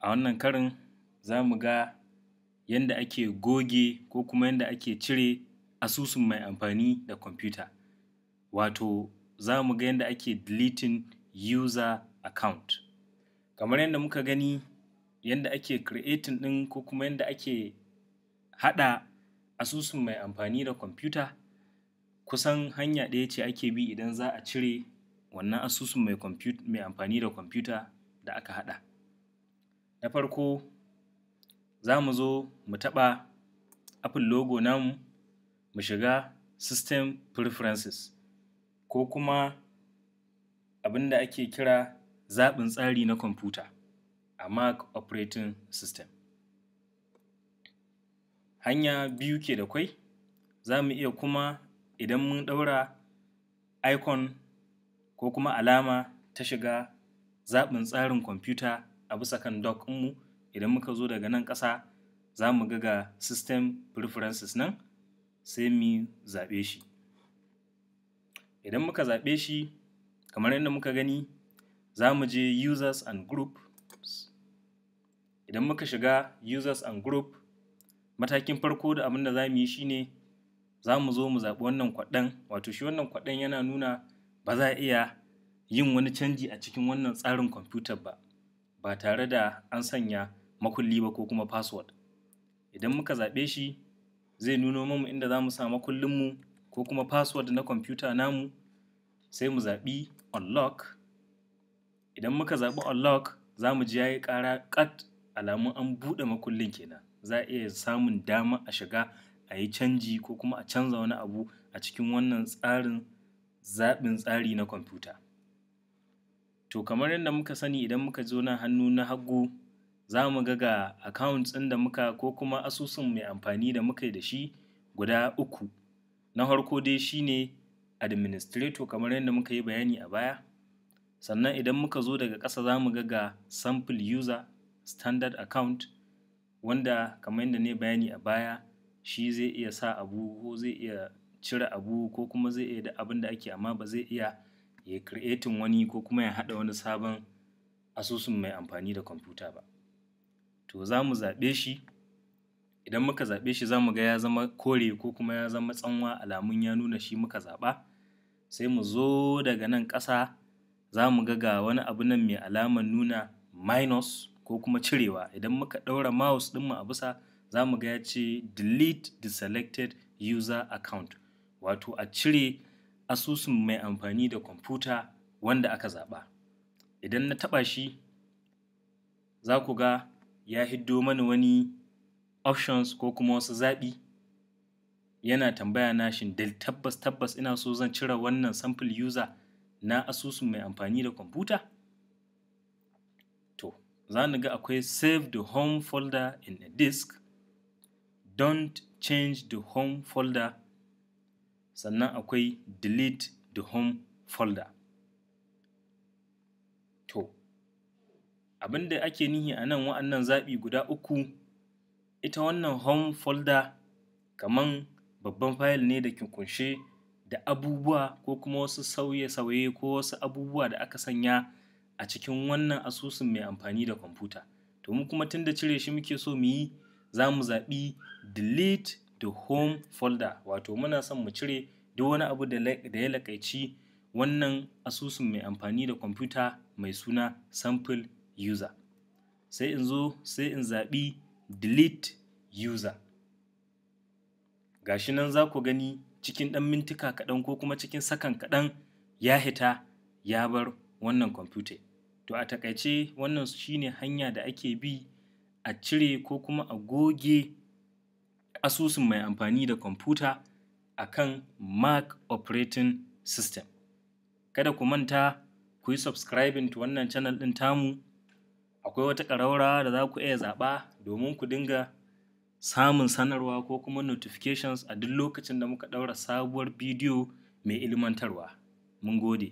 A wannan karin za mu ga yadda ake goge ko kuma yadda ake cire asusun mai amfani da kwamfuta. Wato za mu ga yadda ake deleting user account. Kamar yadda muka gani yadda ake creating ɗin ko kuma yadda ake haɗa asusun mai amfani da kwamfuta kusan hanya ɗaya ce ake bi idan za a cire wannan asusun mai amfani da kwamfuta da aka haɗa. na farko za mu zo mu taɓa apple logo namu mu shiga system preferences ko kuma abin da ake kira zaɓin tsari na kwamfuta a mac operating system hanya biyu ke da kwai za mu iya kuma idan mun ɗaura icon ko kuma alama ta shiga zaɓin tsarin kwamfuta a bisa kan dock mu idan muka zo daga nan ƙasa za mu ga ga system preferences nan sai mu zaɓe shi idan muka zaɓe shi kamar yadda muka gani za mu je users and group idan muka shiga users and group matakin farko da abin da za mu yi shine za mu zo mu zaɓi wannan kwaɗan wato shi wannan kwaɗan yana nuna ba za a iya yin wani canji a cikin wannan tsarin kwamfutar ba ba tare da an sanya makulli ba ko kuma password idan muka zaɓe shi zai nuno mamu inda za mu sa makullinmu ko kuma password na kwamfuta namu sai mu zaɓi unlock idan muka zaɓi unlock za mu ji ya yi ƙara ƙat alamun an buɗe makullin kenan za a iya samun dama a shiga a yi canji ko kuma a canza wani abu a cikin wannan tsarin zaɓin tsari na kwamfuta To kamar yadda muka sani idan muka zo nan hannu na hagu za mu ga ga accounts ɗin da muka ko kuma asusun mai amfani da muka yi da shi guda uku. Na farko dai shi ne administrator kamar yadda muka yi bayani a baya. Sannan idan muka zo daga ƙasa za mu ga ga sample user standard account wanda kamar yadda ne bayani a baya shi zai iya sa abu ko zai iya cire abu ko kuma zai iya da abin da ake amma ba zai iya ya creatin wani ko kuma ya haɗa wani sabon asusun mai amfani da kwamfuta ba. To za mu zaɓe shi, idan muka zaɓe shi za mu ga ya zama kore ko kuma ya zama tsanwa alamun ya nuna shi muka zaɓa. Sai mu zo daga nan ƙasa za mu ga ga wani abu nan mai alamar nuna minus ko kuma cirewa. Idan muka ɗaura mouse mu a bisa za mu ga ya ce delete the selected user account. Wato a cire asusun mai amfani da kwamfuta wanda aka zaɓa. Idan na taɓa shi, za ku ga ya hiddo mana wani options ko kuma wasu zaɓi. Yana tambaya na shin da tabbas tabbas ina so zan cire wannan sample user na asusun mai amfani da kwamfuta? To, za ni ga akwai save the home folder in a disk, don't change the home folder sannan akwai delete the home folder. To, abin da ake nihi a nan wa'annan zaɓi guda uku, ita wannan home folder kaman babban fayil ne da ke kunshe da abubuwa ko kuma wasu sauye-sauye ko wasu abubuwa da aka sanya a cikin wannan asusun mai amfani da kwamfuta. To mu kuma tun da cire shi muke so mu yi, za mu zaɓi delete the home folder wato muna son mu cire duk wani abu da ya lakaici wannan asusun mai amfani da kwamfuta mai suna sample user sai in zo sai in zaɓi delete user gashi nan za ku gani cikin ɗan mintika kaɗan ko kuma cikin sakan kaɗan ya hita ya bar wannan kwamfuta to a takaice wannan shine hanya da ake bi a cire ko kuma a goge asusun mai amfani da kwamfuta a kan Mac Operating System. Kada ku manta ku yi subscribing to wannan channel ɗin tamu, akwai wata ƙaraura da za ku iya zaɓa domin ku dinga samun sanarwa ko kuma notifications a duk lokacin da muka ɗaura sabuwar bidiyo mai ilmantarwa. Mun gode.